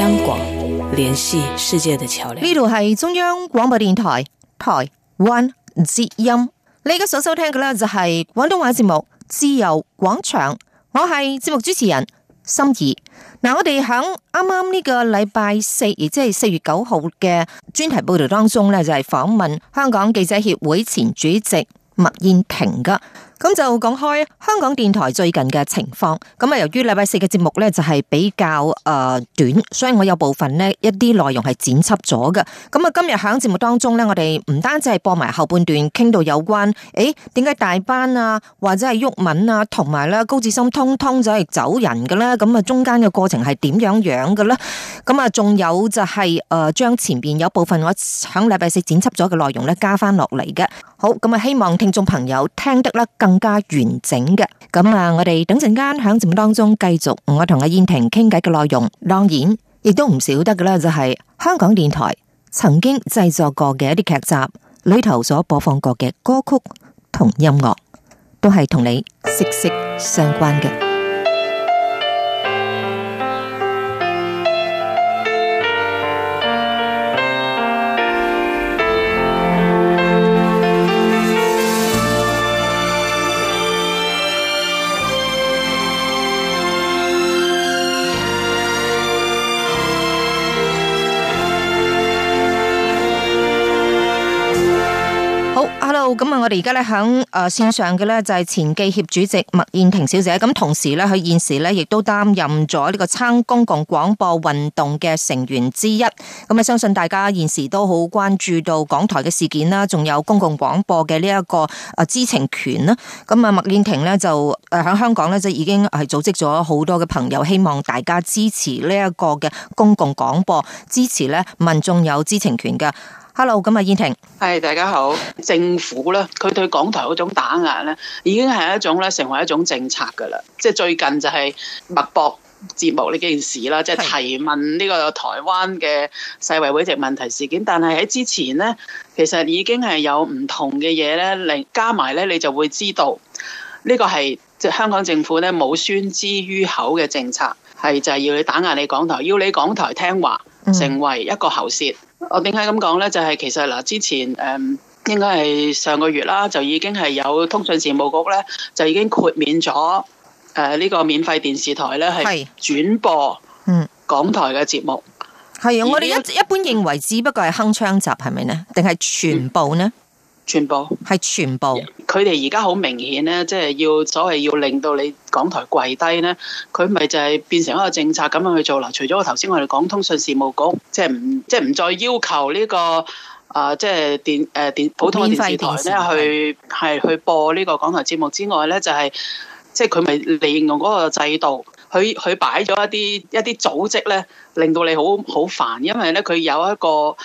香港聯繫世界的橋梁呢度係中央廣播電台台灣節音，你而家所收聽嘅呢，就係廣東話節目《自由廣場》，我係節目主持人心怡心儀。嗱，我哋響啱啱呢個禮拜四，亦即係四月九號嘅專題報道當中呢就係、是、訪問香港記者協會前主席麥燕庭噶。咁就講開香港電台最近嘅情況，咁啊由於禮拜四嘅節目呢就係比較誒、呃、短，所以我有部分呢一啲內容係剪輯咗嘅。咁啊今日喺節目當中呢，我哋唔單止係播埋後半段，傾到有關誒點解大班啊或者係毓民啊同埋咧高志森通通就係走人嘅咧，咁啊中間嘅過程係點樣樣嘅咧？咁啊仲有就係誒將前邊有部分我喺禮拜四剪輯咗嘅內容呢加翻落嚟嘅。好，咁啊，希望聽眾朋友聽得咧更加完整嘅。咁啊，我哋等陣間響節目當中繼續我同阿燕庭傾偈嘅內容。當然亦都唔少得嘅啦，就係香港電台曾經製作過嘅一啲劇集裏頭所播放過嘅歌曲同音樂，都係同你息息相關嘅。我哋而家咧喺誒線上嘅咧就係前記協主席麥燕庭小姐，咁同時咧佢現時咧亦都擔任咗呢個撐公共廣播運動嘅成員之一。咁啊，相信大家現時都好關注到港台嘅事件啦，仲有公共廣播嘅呢一個誒知情權啦。咁啊，麥燕庭咧就誒喺香港咧就已經係組織咗好多嘅朋友，希望大家支持呢一個嘅公共廣播，支持咧民眾有知情權嘅。hello，咁啊，燕庭，係大家好。政府咧，佢對港台嗰種打壓咧，已經係一種咧，成為一種政策噶啦。即係最近就係脈搏節目呢件事啦，即係的提問呢個台灣嘅世衛會籍問題事件。但係喺之前咧，其實已經係有唔同嘅嘢咧，你加埋咧，你就會知道呢個係即係香港政府咧冇宣之於口嘅政策，係就係要你打壓你港台，要你港台聽話，成為一個喉舌。嗯我點解咁講呢？就係、是、其實嗱，之前誒，應該係上個月啦，就已經係有通訊事務局呢，就已經豁免咗誒呢個免費電視台呢，係轉播港台嘅節目。係啊，我哋一一般認為只不過係鏗鏘集係咪呢？定係全部呢？嗯全部係全部，佢哋而家好明顯咧，即係要所謂要令到你港台跪低咧，佢咪就係變成一個政策咁樣去做啦。除咗我頭先我哋講通訊事務局，即係唔即係唔再要求呢個啊，即係電誒電普通嘅電視台咧去係去播呢個港台節目之外咧，就係即係佢咪利用嗰個制度，佢佢擺咗一啲一啲組織咧，令到你好好煩，因為咧佢有一個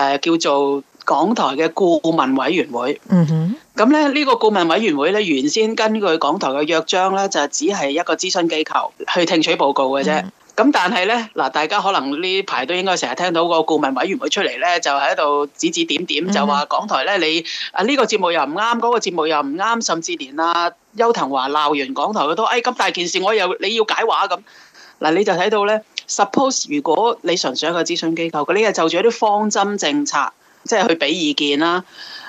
誒叫做。港台嘅顧問委員會，嗯哼，咁咧呢個顧問委員會咧，原先根據港台嘅約章咧，就只係一個諮詢機構去聽取報告嘅啫。咁、嗯、但係咧，嗱，大家可能呢排都應該成日聽到個顧問委員會出嚟咧，就喺度指指點點，就話港台咧，你啊呢個節目又唔啱，嗰個節目又唔啱，甚至連啊邱騰華鬧完港台嘅都，哎咁大件事，我又你要解話咁嗱，你就睇到咧，suppose 如果你純粹一個諮詢機構，佢你係就住一啲方針政策。即係去俾意見啦，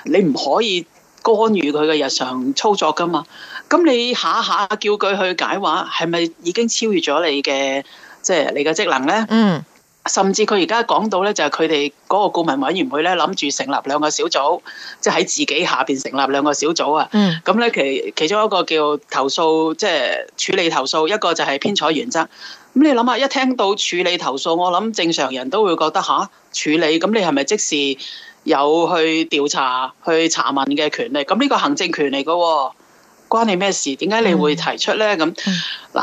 你唔可以干預佢嘅日常操作噶嘛？咁你下下叫佢去解話，係咪已經超越咗你嘅即係你嘅職能咧？嗯，甚至佢而家講到咧，就係佢哋嗰個顧問委員會咧，諗住成立兩個小組，即係喺自己下邊成立兩個小組啊。嗯，咁咧其其中一個叫投訴，即係處理投訴，一個就係編採原則。咁你諗下，一聽到處理投訴，我諗正常人都會覺得吓，處理，咁你係咪即時？有去調查、去查問嘅權利，咁呢個行政權嚟嘅、哦，關你咩事？點解你會提出咧？咁嗱、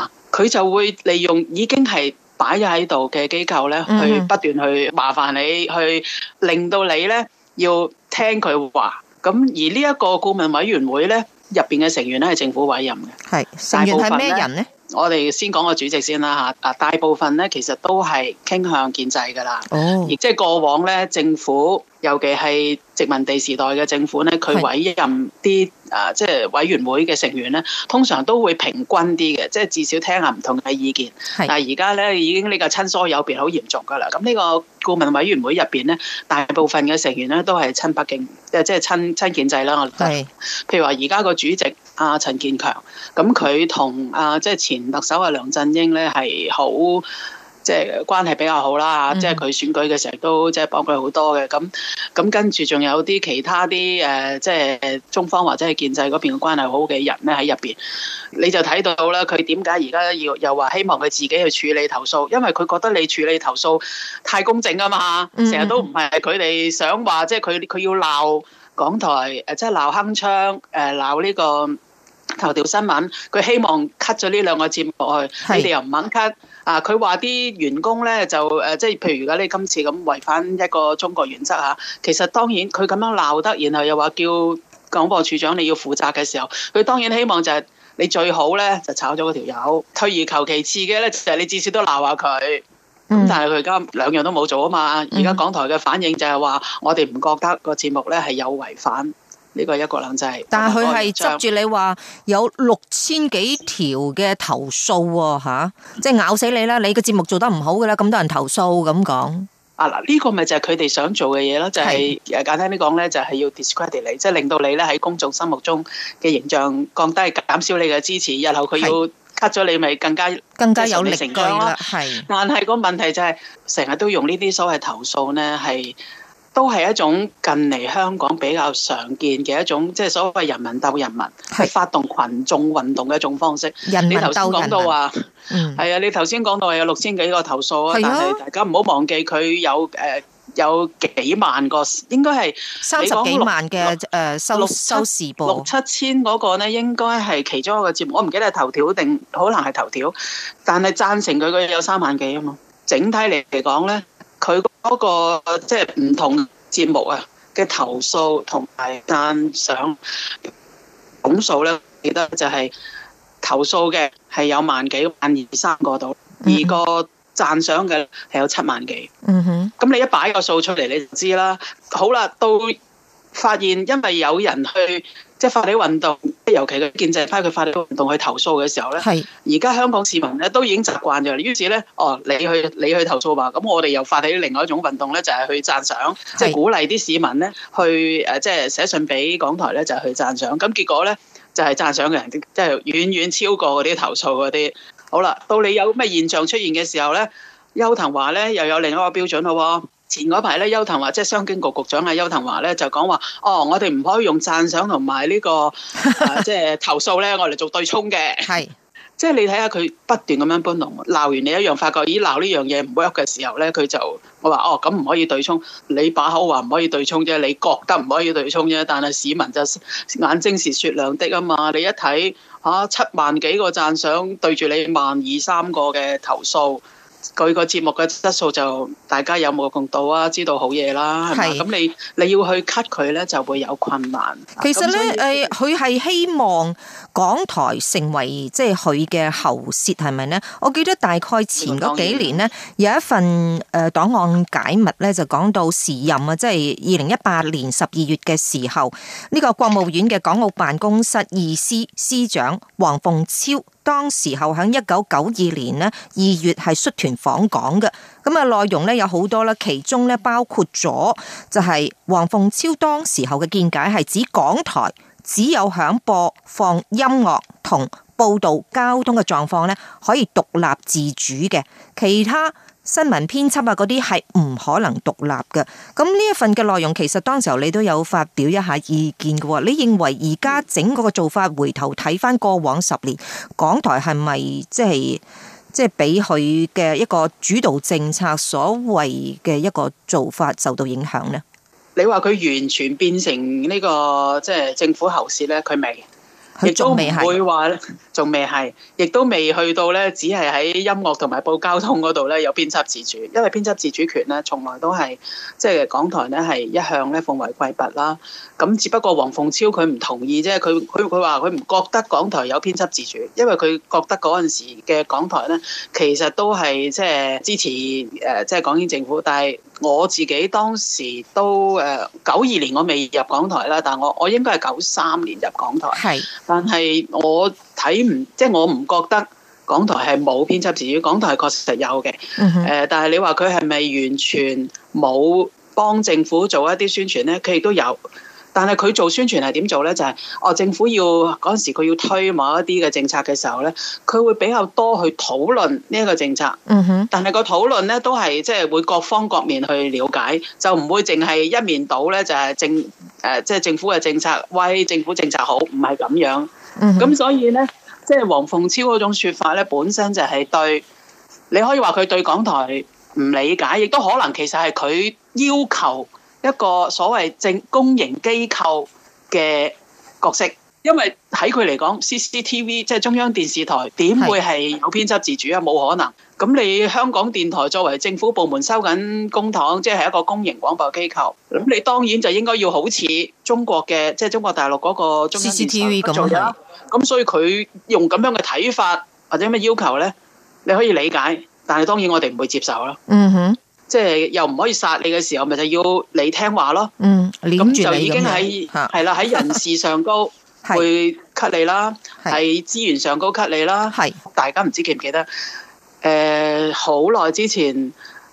嗯，佢就會利用已經係擺咗喺度嘅機構咧，嗯、去不斷去麻煩你，去令到你咧要聽佢話。咁而呢一個顧問委員會咧。入邊嘅成員咧係政府委任嘅。係成員係咩人呢？呢，我哋先講個主席先啦嚇。啊大部分咧其實都係傾向建制嘅啦。哦、而即係過往咧政府，尤其係殖民地時代嘅政府咧，佢委任啲。啊，即係委員會嘅成員咧，通常都會平均啲嘅，即係至少聽下唔同嘅意見。是但係而家咧已經呢個親疏有別好嚴重噶啦。咁呢個顧問委員會入邊咧，大部分嘅成員咧都係親北京，即係親親建制啦。我覺得譬如話而家個主席啊陳建強，咁佢同啊即係前特首啊梁振英咧係好。即係關係比較好啦，即係佢選舉嘅時候都即係幫佢好多嘅，咁咁、嗯、跟住仲有啲其他啲誒，即、就、係、是、中方或者係建制嗰邊嘅關係好嘅人咧喺入邊，你就睇到啦。佢點解而家要又話希望佢自己去處理投訴？因為佢覺得你處理投訴太公正啊嘛，成日、嗯、都唔係佢哋想話，即係佢佢要鬧港台誒，即係鬧鏗鏘誒，鬧呢個頭條新聞，佢希望 cut 咗呢兩個節目去，是你哋又唔肯 cut。啊！佢話啲員工咧就誒，即、呃、係譬如而家你今次咁違反一個中國原則嚇，其實當然佢咁樣鬧得，然後又話叫廣播處長你要負責嘅時候，佢當然希望就係你最好咧就炒咗嗰條友，退而求其次嘅咧就係、是、你至少都鬧下佢。但係佢而家兩樣都冇做啊嘛，而家港台嘅反應就係話我哋唔覺得個節目咧係有違反。呢個一國兩制，但係佢係捉住你話有六千幾條嘅投訴喎嚇，即係咬死你啦！你個節目做得唔好嘅啦，咁多人投訴咁講啊嗱，呢個咪就係佢哋想做嘅嘢咯，就係簡單啲講咧，就係要 discredit 你，即係令到你咧喺公眾心目中嘅形象降低，減少你嘅支持，日後佢要 cut 咗你，咪更加更加有力氣咯。係，但係個問題就係成日都用呢啲所謂投訴咧，係。都係一種近嚟香港比較常見嘅一種，即、就、係、是、所謂人民鬥人民，是的 發動群眾運動嘅一種方式。人民鬥人民啊！係啊、嗯！你頭先講到話有六千幾個投訴啊，的但係大家唔好忘記佢有誒有幾萬個，應該係三十幾萬嘅誒收收視噃。六七千嗰個咧，應該係其中一個節目。我唔記得係頭條定可能係頭條，但係贊成佢嘅有三萬幾啊嘛。整體嚟嚟講咧，佢。嗰個即係唔同節目啊嘅投訴同埋讚賞總數咧，記得就係投訴嘅係有萬幾萬二三個度，而個讚賞嘅係有七萬幾。嗯哼，咁你一擺個數出嚟，你就知啦。好啦，到。發現因為有人去即係發起運動，尤其佢建制派佢發起運動去投訴嘅時候咧，而家是香港市民咧都已經習慣咗，於是咧，哦，你去你去投訴吧，咁我哋又發起另外一種運動咧，就係、是、去讚賞，即係是鼓勵啲市民咧去誒，即、啊、係、就是、寫信俾港台咧，就係、是、去讚賞。咁結果咧就係、是、讚賞嘅人，即、就、係、是、遠遠超過嗰啲投訴嗰啲。好啦，到你有咩現象出現嘅時候咧，邱騰華咧又有另一個標準咯、哦。前嗰排咧，邱騰華即係商經局局長啊，邱騰華咧就講話：哦，我哋唔可以用讚賞同埋呢個即係、 啊就是、投訴咧，我哋做對沖嘅。係，即係你睇下佢不斷咁樣搬弄，鬧完你一樣發覺，咦鬧呢樣嘢唔 work 嘅時候咧，佢就我話：哦，咁唔可以對沖，你把口話唔可以對沖啫，你覺得唔可以對沖啫，但係市民就眼睛是雪亮的啊嘛！你一睇吓、啊，七萬幾個讚賞對住你萬二三個嘅投訴。佢個節目嘅質素就大家有冇共睹啊？知道好嘢啦，係咪？咁你你要去 cut 佢咧，就會有困難。其實咧，呃、佢係希望。港台成為即係佢嘅喉舌係咪咧？我記得大概前嗰幾年咧，有一份誒檔案解密咧，就講到時任啊，即係二零一八年十二月嘅時候，呢個國務院嘅港澳辦公室二司司長王鳳超，當時候響一九九二年咧二月係率團訪港嘅。咁啊內容咧有好多啦，其中咧包括咗就係王鳳超當時候嘅見解係指港台。只有響播放音樂同報道交通嘅狀況咧，可以獨立自主嘅。其他新聞編輯啊，嗰啲係唔可能獨立嘅。咁呢一份嘅內容，其實當時候你都有發表一下意見嘅。你認為而家整個嘅做法，回頭睇翻過往十年，港台係咪即係即係俾佢嘅一個主導政策所謂嘅一個做法受到影響咧？你話佢完全變成呢個，即係政府喉舌咧？佢未。亦都未會話，仲未係，亦都未去到咧。只係喺音樂同埋報交通嗰度咧，有編輯自主，因為編輯自主權咧，從來都係即係港台咧，係一向咧奉為圭臬啦。咁只不過王鳳超佢唔同意即係，佢佢佢話佢唔覺得港台有編輯自主，因為佢覺得嗰陣時嘅港台咧，其實都係即係支持誒，即係港英政府。但係我自己當時都誒，九二年我未入港台啦，但我我應該係九三年入港台。係。但係我睇唔，即係我唔覺得港台係冇編輯自主，港台確實有嘅、嗯哼呃。但係你話佢係咪完全冇幫政府做一啲宣傳呢？佢亦都有。但係佢做宣傳係點做呢？就係、是、哦，政府要嗰陣時佢要推某一啲嘅政策嘅時候呢，佢會比較多去討論呢一個政策。嗯、哼但係個討論呢，都係即係會各方各面去了解，就唔會淨係一面倒呢就係政誒即係政府嘅政策，為政府政策好，唔係咁樣。嗯哼。咁所以呢，即係王鳳超嗰種説法呢，本身就係對。你可以話佢對港台唔理解，亦都可能其實係佢要求。一個所謂政公營機構嘅角色，因為喺佢嚟講，CCTV 即係中央電視台，點會係有編輯自主啊？冇是的 可能。咁你香港電台作為政府部門收緊公帑，即係一個公營廣播機構，咁你當然就應該要好似中國嘅即係中國大陸嗰個中央電視台 CCTV 咁樣。咁所以佢用咁樣嘅睇法或者咩要求呢？你可以理解，但係當然我哋唔會接受啦。嗯哼。即係又唔可以殺你嘅時候，咪就要你聽話咯。嗯，咁就已經喺係啦，喺人事上高會 cut 你啦，喺 是的 資源上高 cut 你啦。係，是的 大家唔知記唔記得？誒是的、呃，好耐之前誒，即、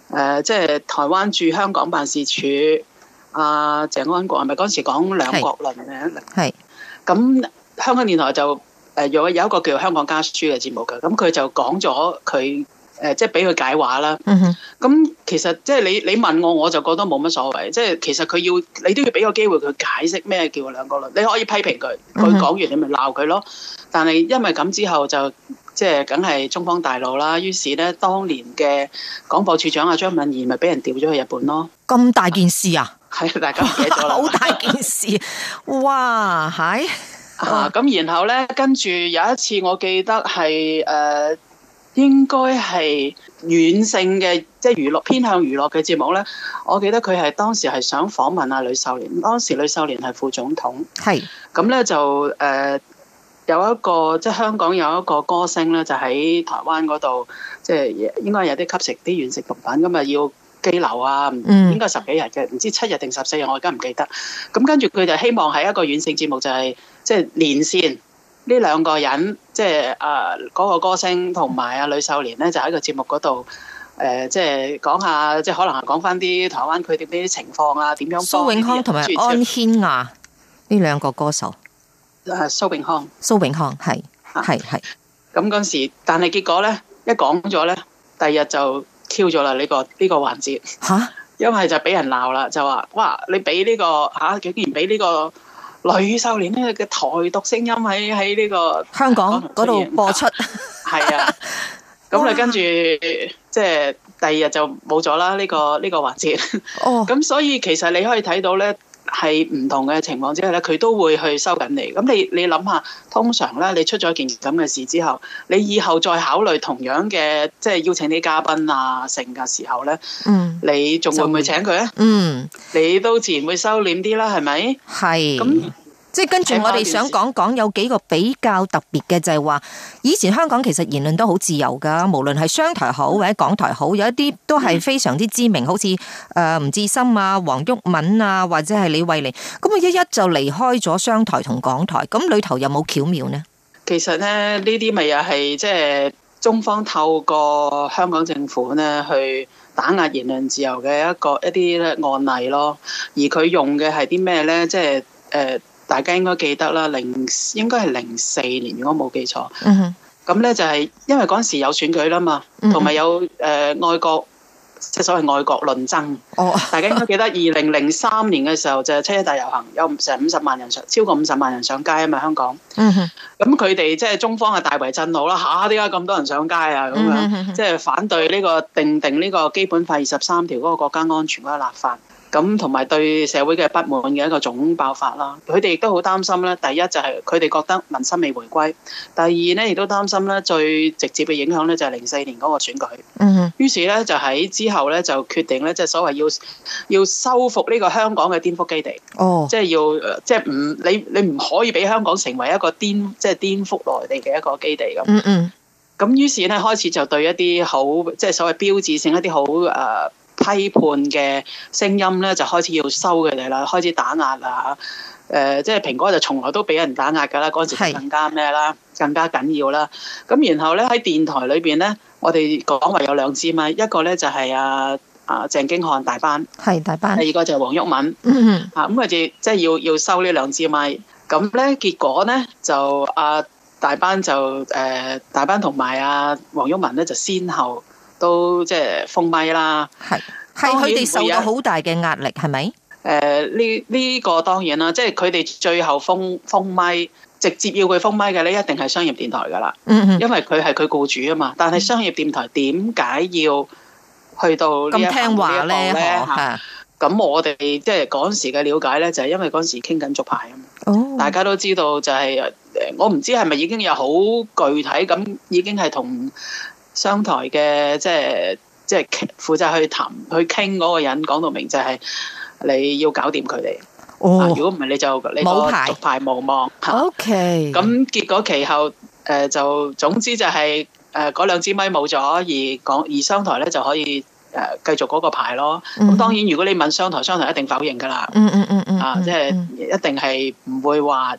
呃、係、就是、台灣駐香港辦事處阿、呃、鄭安國，係咪嗰時講兩國論嘅？係是的。咁是的 香港電台就誒有有一個叫《香港家書》嘅節目㗎，咁佢就講咗佢。誒，即係俾佢解話啦。咁、嗯、哼其實即係你你問我，我就覺得冇乜所謂。即、就、係、是、其實佢要你都要俾個機會佢解釋咩叫兩國論。你可以批評佢，佢講完你咪鬧佢咯。嗯、哼但係因為咁之後就即係梗係中方大怒啦。於是咧，當年嘅廣播處長阿張敏儀咪俾人調咗去日本咯。咁大件事啊！係大家好大件事哇！係咁然後咧，跟住有一次，我記得係誒。呃應該係軟性嘅，即、就、係、是、娛樂偏向娛樂嘅節目咧。我記得佢係當時係想訪問阿呂秀蓮，當時呂秀蓮係副總統。係咁咧就誒、呃、有一個即係、就是、香港有一個歌星咧，就喺台灣嗰度，即、就、係、是、應該有啲吸食啲軟性毒品噶嘛，要拘留啊，嗯、應該十幾日嘅，唔知七日定十四日，我而家唔記得。咁跟住佢就希望係一個軟性節目、就是，就係即係連線。呢兩個人，即係誒嗰個歌星同埋阿呂秀蓮咧，就喺個節目嗰度誒，即係講下，即係可能講翻啲台灣佢哋呢啲情況啊，點樣講蘇永康同埋安憲亞呢兩個歌手，誒蘇永康，蘇永康係係係咁嗰時，但係結果咧一講咗咧，第二日就跳咗啦呢個呢個環節嚇，啊，因為就俾人鬧啦，就話哇你俾呢個嚇，啊，竟然俾呢個。呂秀蓮呢個台獨聲音喺喺呢個香港嗰度播出，係啊，咁啊跟住即係第二日就冇咗啦。呢、呢個呢、呢個環節，咁、哦嗯、所以其實你可以睇到咧。係唔同嘅情況之下咧，佢都會去收緊你。咁你你諗下，通常咧你出咗件咁嘅事之後，你以後再考慮同樣嘅即係邀請啲嘉賓啊成嘅時候咧，嗯，你仲會唔會請佢咧？嗯，你都自然會收斂啲啦，係咪？係。咁。即係跟住我哋想講講有幾個比較特別嘅，就係話以前香港其實言論都好自由噶無論係商台好或者港台好，有一啲都係非常之知名，好似誒吳志森啊、黃毓民啊或者係李慧玲，咁佢一一就離開咗商台同港台，咁裏頭有冇巧妙呢？其實呢呢啲咪又係即係中方透過香港政府呢去打壓言論自由嘅一個一啲案例咯，而佢用嘅係啲咩呢？即係誒。呃大家應該記得啦，零應該係零四年，如果冇記錯，咁咧、mm hmm. 就係因為嗰陣時有選舉啦嘛，同埋、mm hmm. 有誒愛、呃、國即係所謂愛國論爭。Oh. 大家應該記得二零零三年嘅時候就係、是、七一大遊行，有成五十萬人上超過五十萬人上街啊嘛，是不是香港。咁佢哋即係中方係大為震、啊、為震怒啦，嚇！點解咁多人上街啊？咁樣即係、mm hmm. 反對呢、這個定定呢個基本法二十三條嗰個國家安全嗰個立法。咁同埋對社會嘅不滿嘅一個總爆發啦，佢哋亦都好擔心咧。第一就係佢哋覺得民生未回歸，第二咧亦都擔心咧最直接嘅影響咧就係零四年嗰個選舉。於是咧就喺之後咧就決定咧，即係所謂要要收復呢個香港嘅顛覆基地。哦，即係要即係唔你你唔可以俾香港成為一個顛即係顛覆內地嘅一個基地咁。嗯，咁於是咧開始就對一啲好即係所謂標誌性一啲好誒批判嘅聲音咧，就開始要收佢哋啦，開始打壓啦！誒、呃，即、就、係、是、蘋果就從來都俾人打壓㗎啦，嗰陣時更加咩啦，是更加緊要啦。咁然後咧喺電台裏邊咧，我哋講話有兩支咪，一個咧就係阿阿鄭經翰大班，係大班，第二個就係黃毓民嚇，咁佢哋即係要要收呢兩支咪。咁咧結果咧就阿、啊、大班就誒、啊、大班同埋阿黃毓民咧就先後。都即係封咪啦，係係佢哋受到好大嘅壓力，係咪？誒，呢呢個當然啦，即係佢哋最後封封咪，直接要佢封咪嘅咧，一定係商業電台噶啦。嗯嗯，因為佢係佢僱主啊嘛。但係商業電台點解要去到咁聽話咧？吓，咁我哋即係嗰時嘅了解咧，就係因為嗰時傾緊續牌啊嘛。哦，大家都知道就係誒，我唔知係咪已經有好具體咁，已經係同。商台嘅即係即係傾負責去談去傾嗰個人講到明，就係你要搞掂佢哋。哦，如果唔係你就牌你個的牌無望。O K，咁結果其後誒、呃、就總之就係誒嗰兩支咪冇咗，而講而商台咧就可以誒、呃、繼續嗰個牌咯。咁當然如果你問商台，商台一定否認㗎啦。嗯嗯，嗯嗯嗯嗯，啊即係、就是、一定係唔會話。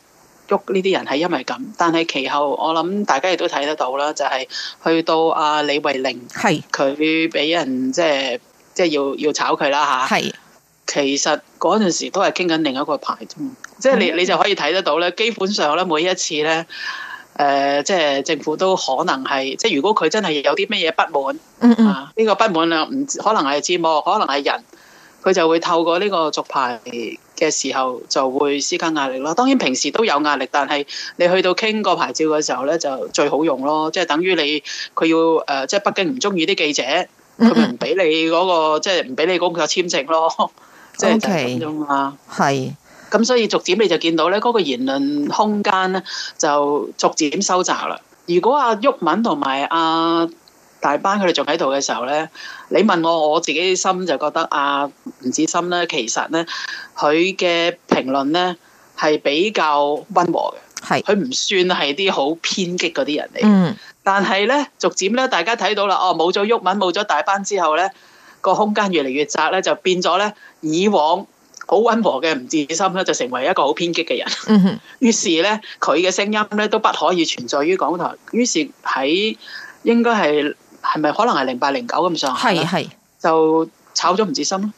喐呢啲人係因為咁，但係其後我諗大家亦都睇得到啦，就係、是、去到阿李慧玲，佢俾是人即係即係要要炒佢啦嚇。係是其實嗰陣時都係傾緊另一個牌啫、嗯、即係你你就可以睇得到咧。基本上咧，每一次咧，誒、呃、即係政府都可能係即係如果佢真係有啲咩嘢不滿，嗯呢、嗯啊這個不滿量唔可能係節目，可能係人，佢就會透過呢個續牌。嘅時候就會施加壓力咯。當然平時都有壓力，但係你去到傾個牌照嘅時候咧，就最好用咯。即係等於你佢要誒、呃，即係北京唔中意啲記者，佢咪唔俾你嗰、那個，即係唔俾你嗰個簽證咯。即係係咁啊。係是。咁所以逐漸你就見到咧，嗰、那個言論空間咧就逐漸收窄啦。如果阿、啊、鬱文同埋阿，大班佢哋仲喺度嘅時候咧，你問我我自己心就覺得啊，吳志森咧其實咧佢嘅評論咧係比較溫和嘅，係佢唔算係啲好偏激嗰啲人嚟。嗯，但係咧逐漸咧，大家睇到啦，哦，冇咗毓民，冇咗大班之後咧，個空間越嚟越窄咧，就變咗咧以往好溫和嘅吳志森咧，就成為一個好偏激嘅人。嗯哼，於是咧佢嘅聲音咧都不可以存在於港台。於是喺應該係。係咪可能係零八零九咁上下？係係是是 就炒咗吳志森，是是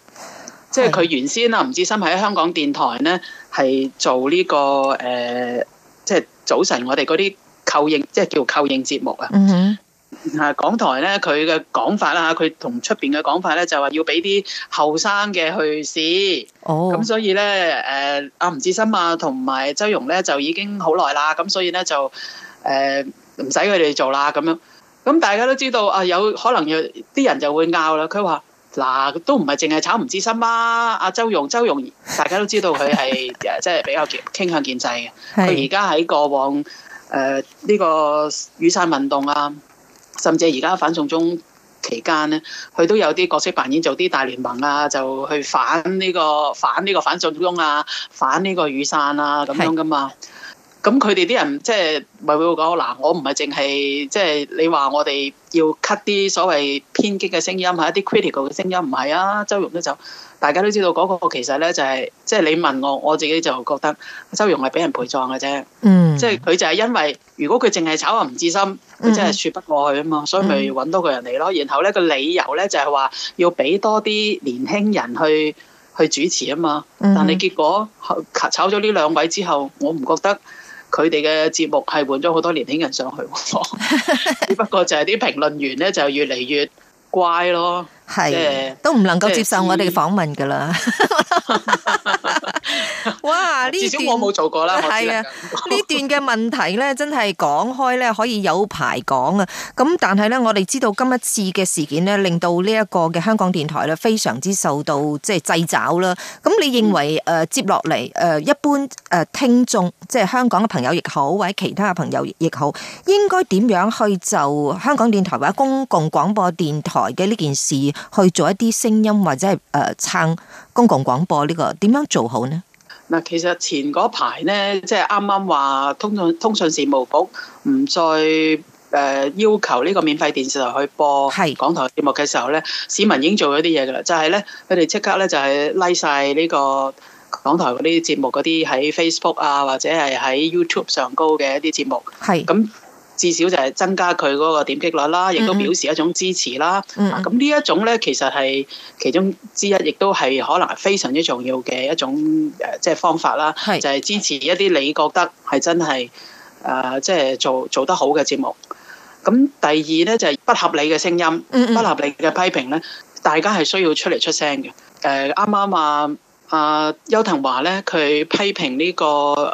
即係佢原先啊，吳志森喺香港電台咧係做呢、這個誒，即、呃、係、就是、早晨我哋嗰啲扣應，即係叫做扣應節目啊。嗯哼，啊港台咧佢嘅講法啦，佢同出邊嘅講法咧就話要俾啲後生嘅去試。哦，咁所以咧誒，阿吳志森啊，同埋周融咧就已經好耐啦。咁所以咧就誒，唔使佢哋做啦，咁樣。咁大家都知道啊，有可能有啲人就會拗啦。佢話：嗱，都唔係淨係炒唔知心啦。阿周融，周融大家都知道佢係即係比較傾向建制嘅。佢而家喺過往誒呢個雨傘運動啊，甚至而家反送中期間咧，佢都有啲角色扮演，做啲大聯盟啊，就去反呢個反呢個反送中啊，反呢個雨傘啊咁樣噶嘛。咁佢哋啲人即係咪會講嗱？我唔係淨係即係你話我哋要 cut 啲所謂偏激嘅聲音，係一啲 critical 嘅聲音，唔係啊？周融咧就大家都知道嗰個其實咧就係即係你問我，我自己就覺得周融係俾人陪葬嘅啫。即係佢就係因為如果佢淨係炒阿吳志森，佢真係説不過去啊嘛，嗯、所以咪搵多個人嚟咯。然後咧、個理由咧就係、是、話要俾多啲年輕人去去主持啊嘛。但係結果炒炒咗呢兩位之後，我唔覺得。佢哋嘅節目係換咗好多年輕人上去，只不過就係啲評論員咧就越嚟越乖咯、 啊，係都唔能夠接受我哋訪問噶啦。哇！呢啲我冇做過啦，係啊，呢段嘅問題咧， 真係講開咧可以有排講啊。咁但係咧，我哋知道今一次嘅事件咧，令到呢一個嘅香港電台咧非常之受到即係掣肘啦。咁、即係、你認為誒、嗯呃、接落嚟誒一般誒、呃、聽眾即係香港嘅朋友亦好，或者其他嘅朋友亦好，應該點樣去就香港電台或者公共廣播電台嘅呢件事去做一啲聲音或者係誒、呃、撐公共廣播呢、這個點樣做好呢？嗱，其實前嗰排咧，即係啱啱話通訊通訊事務局唔再誒、呃、要求呢個免費電視台去播港台節目嘅時候咧，是市民已經做咗啲嘢噶啦，就係咧佢哋即刻咧就係拉晒呢個港台嗰啲節目嗰啲喺 Facebook 啊或者係喺 YouTube 上高嘅一啲節目，係咁是。至少就係增加佢嗰個點擊率啦，亦都表示一種支持啦。咁呢、mm hmm. 一種咧，其實係其中之一，亦都係可能係非常之重要嘅一種誒，即、就、係、是、方法啦。是就係支持一啲你覺得係真係誒，即、呃、係、就是、做做得好嘅節目。咁第二咧就係、是、不合理嘅聲音，mm hmm. 不合理嘅批評咧，大家係需要出嚟出聲嘅。誒啱啱啊！阿、啊、邱騰華咧，佢批評呢個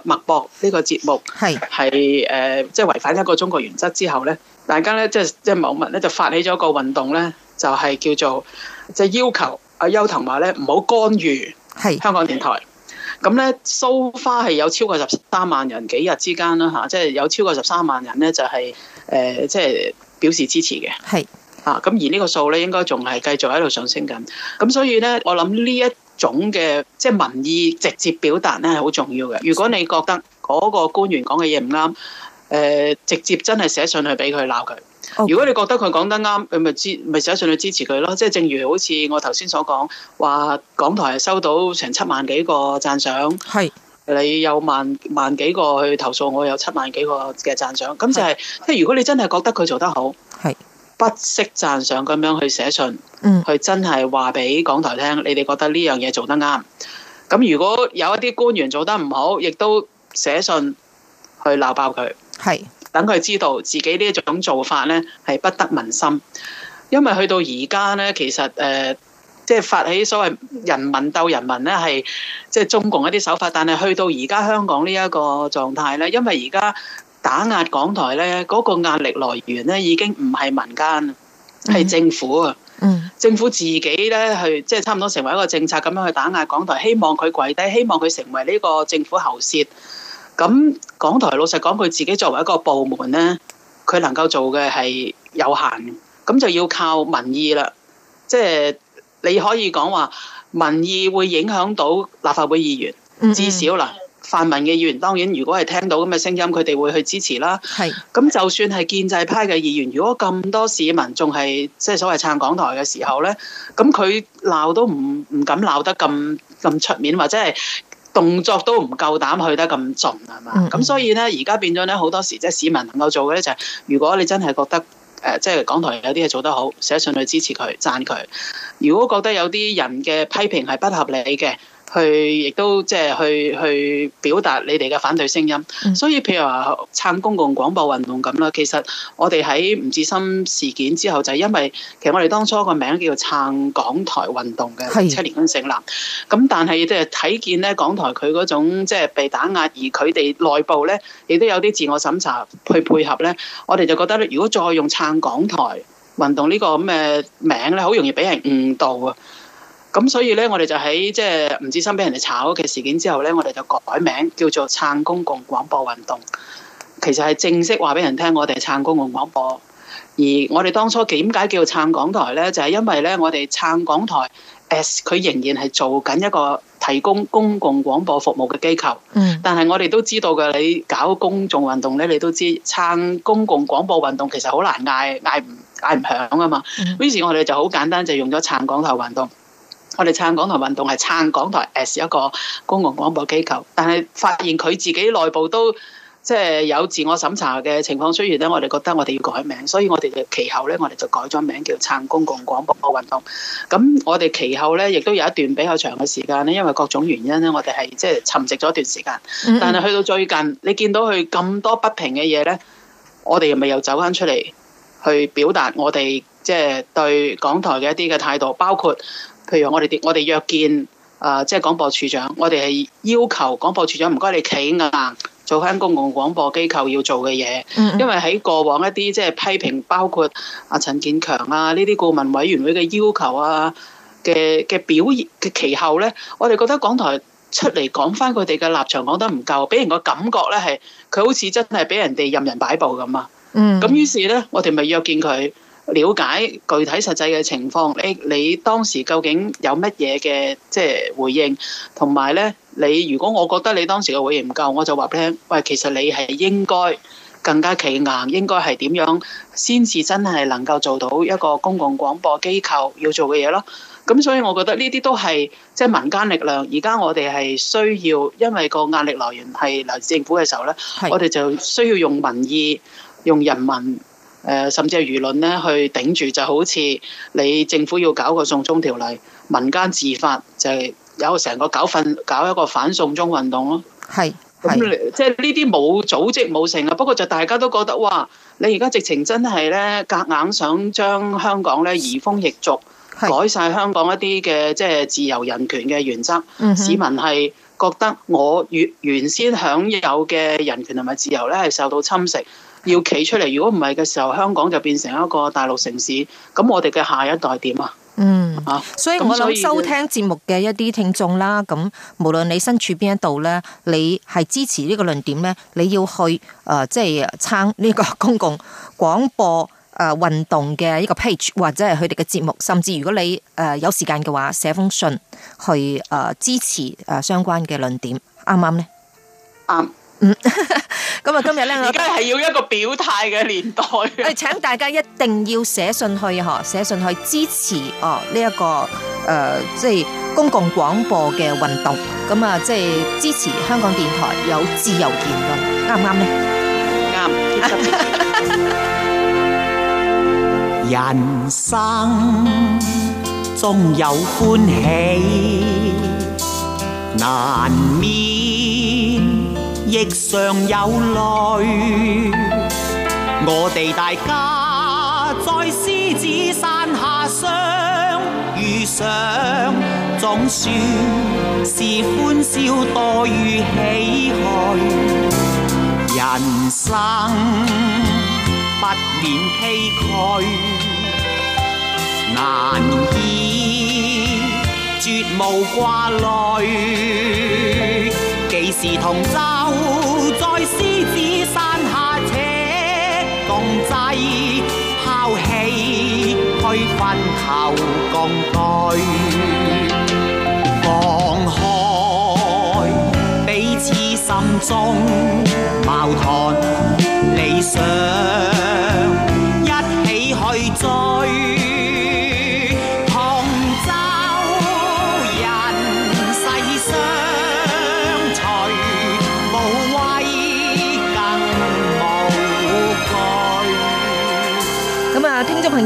脈搏，呢、這個節目係係誒，即係是、呃就是、違反一個中國原則之後咧，大家咧即係即係網民咧就發起咗一個運動咧，就係、是、叫做即係、就是、要求阿、啊、邱騰華咧唔好干預香港電台。咁咧是，So far 係有超過十三萬人幾日之間啦嚇，即、啊、係、就是、有超過十三萬人咧就係、是、誒，即、呃、係、就是、表示支持嘅。係是啊，咁而呢個數咧應該仲係繼續喺度上升緊。咁所以咧，我諗呢一總嘅即係民意直接表達咧係好重要嘅。如果你覺得嗰個官員講嘅嘢唔啱，誒、呃、直接真係寫信去俾佢鬧佢。Okay. 如果你覺得佢講得啱，佢咪支咪寫信去支持佢咯。即、就、係、是、正如好似我頭先所講話，港台收到成七萬幾個讚賞，係是你有萬萬幾個去投訴，我有七萬幾個嘅讚賞。咁就係即係如果你真係覺得佢做得好。不惜讚賞咁樣去寫信，去真係話俾港台聽，嗯、你哋覺得呢樣嘢做得啱。咁如果有一啲官員做得唔好，亦都寫信去鬧爆佢，係等佢知道自己呢一種做法呢係不得民心。因為去到而家呢，其實誒，即、呃、係、就是、發起所謂人民鬥人民呢係即係中共一啲手法。但係去到而家香港呢一個狀態呢，因為而家，打壓港台咧，嗰個壓力來源咧已經唔係民間，係政府啊！政府自己咧去，即係差唔多成為一個政策咁樣去打壓港台，希望佢跪低，希望佢成為呢個政府喉舌。咁港台老實講，佢自己作為一個部門咧，佢能夠做嘅係有限，咁就要靠民意啦。即係你可以講話民意會影響到立法會議員，至少啦。泛民嘅議員當然，如果係聽到咁嘅聲音，佢哋會去支持啦。係咁是，就算係建制派嘅議員，如果咁多市民仲係即係所謂撐港台嘅時候咧，咁佢鬧都唔唔敢鬧得咁咁出面，或者係動作都唔夠膽去得咁盡，係嘛？咁、嗯、所以咧，而家變咗咧，好多時即係市民能夠做嘅咧就係、是，如果你真係覺得誒，即、呃、係、就是、港台有啲嘢做得好，寫信去支持佢，讚佢；如果覺得有啲人嘅批評係不合理嘅。去亦都即係去去表達你哋嘅反對聲音，嗯、所以譬如話撐公共廣播運動咁啦。其實我哋喺吳志森事件之後，就係因為其實我哋當初個名叫做撐港台運動嘅七年軍成立咁，但係即係睇見咧，港台佢嗰種即係、就是、被打壓，而佢哋內部咧亦都有啲自我審查去配合咧，我哋就覺得如果再用撐港台運動呢個咁嘅名咧，好容易俾人誤導。啊！咁所以咧，我哋就喺即係吳志森俾人哋炒嘅事件之後咧，我哋就改名叫做撐公共廣播運動。其實係正式話俾人聽，我哋撐公共廣播。而我哋當初點解叫撐港台咧？就係因為咧，我哋撐港台，佢仍然係做緊一個提供公共廣播服務嘅機構。但係我哋都知道嘅，你搞公眾運動咧，你都知撐公共廣播運動其實好難嗌嗌唔嗌唔響啊嘛。於是，我哋就好簡單，就用咗撐港台運動。我哋撐港台運動係撐港台，as 一個公共廣播機構，但係發現佢自己內部都即係有自我審查嘅情況出現咧。我哋覺得我哋要改名，所以我哋嘅其後咧，我哋就改咗名叫撐公共廣播嘅運動。咁我哋其後咧，亦都有一段比較長嘅時間咧，因為各種原因咧，我哋係即係沉寂咗一段時間。但係去到最近，你見到佢咁多不平嘅嘢咧，我哋咪又走返出嚟去表達我哋即係對港台嘅一啲嘅態度，包括。譬如我哋我哋約見啊、呃，即係廣播處長，我哋係要求廣播處長唔該你企硬做翻公共廣播機構要做嘅嘢，mm hmm. 因為喺過往一啲即係批評，包括阿陳建強啊呢啲顧問委員會嘅要求啊嘅嘅表現嘅其後咧，我哋覺得港台出嚟講翻佢哋嘅立場講得唔夠，俾人個感覺咧係佢好似真係俾人哋任人擺布咁啊！嗯、mm，咁、hmm. 於是咧，我哋咪約見佢。了解具體實際嘅情況，你你當時究竟有乜嘢嘅即係回應同埋咧，你如果我覺得你當時嘅回應唔夠，我就話俾你聽，喂，其實你係應該更加企硬，應該係點樣先至真係能夠做到一個公共廣播機構要做嘅嘢咯？咁所以，我覺得呢啲都係即係民間力量。而家我哋係需要，因為個壓力來源係來自政府嘅時候咧，我哋就需要用民意，用人民。誒，甚至係輿論咧，去頂住就好似你政府要搞個送中條例，民間自發就係有成個,個搞憤，搞一個反送中運動咯是是、嗯。係，咁即係呢啲冇組織冇成啊，不過就大家都覺得哇，你而家直情真係咧，夾硬想將香港咧移風易俗，是 改曬香港一啲嘅即係自由人權嘅原則。是 嗯、哼 市民係覺得我原原先享有嘅人權同埋自由咧，係受到侵蝕。要企出嚟，如果唔係嘅時候，香港就變成一個大陸城市。咁我哋嘅下一代點啊？嗯，啊，所以我諗收聽節目嘅一啲聽眾啦，咁無論你身處邊一度咧，你係支持呢個論點咧，你要去誒，即係撐呢個公共廣播誒運動嘅一個 page，或者係佢哋嘅節目，甚至如果你誒有時間嘅話，寫封信去誒支持誒相關嘅論點啱唔啱咧？啱。嗯，咁啊，今日咧，而家係要一個表態嘅年代，誒，請大家一定要寫信去，嗬，寫信去支持哦呢一個誒，即係公共廣播嘅運動，咁啊，即係支持香港電台有自由言論，啱唔啱呢？啱。人生中有歡喜，難免。亦常有淚，我哋大家在獅子山下相遇上，總算是歡笑多於唏噓。人生不免崎嶇，難以絕無掛慮。是同舟在獅子山下且共濟，拋棄區分求共對，放開彼此心中矛盾理想。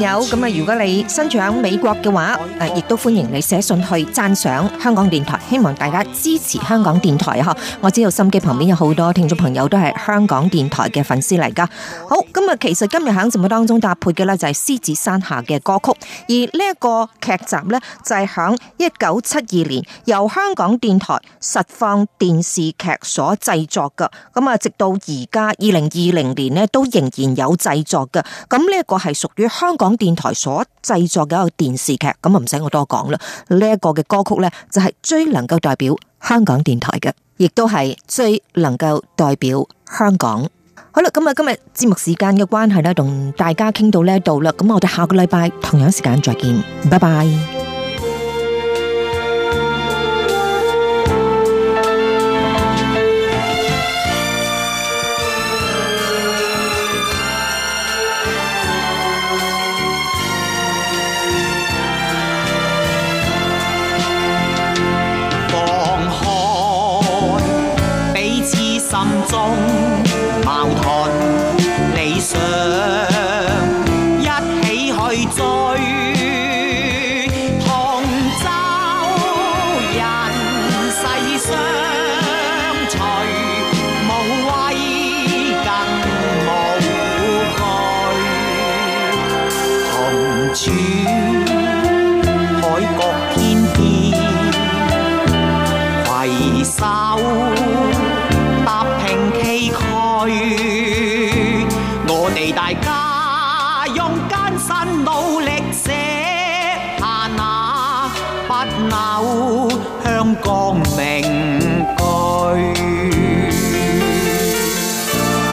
有咁啊！如果你身處喺美國嘅話，亦都歡迎你寫信去讚賞香港電台。希望大家支持香港電台嗬，我知道心機旁邊有好多聽眾朋友都係香港電台嘅粉絲嚟噶。好，咁啊，其實今日喺節目當中搭配嘅呢，就係獅子山下嘅歌曲，而呢一個劇集呢，就係響一九七二年由香港電台實況電視劇所製作嘅。咁啊，直到而家二零二零年呢，都仍然有製作嘅。咁呢一個係屬於香港。電台所製作嘅一個電視劇，咁啊唔使我多講啦。呢一個嘅歌曲呢，就係最能夠代表香港電台嘅，亦都係最能夠代表香港。好啦，咁啊今日節目時間嘅關係呢，同大家傾到呢一度啦。咁我哋下個禮拜同樣時間再見，拜拜。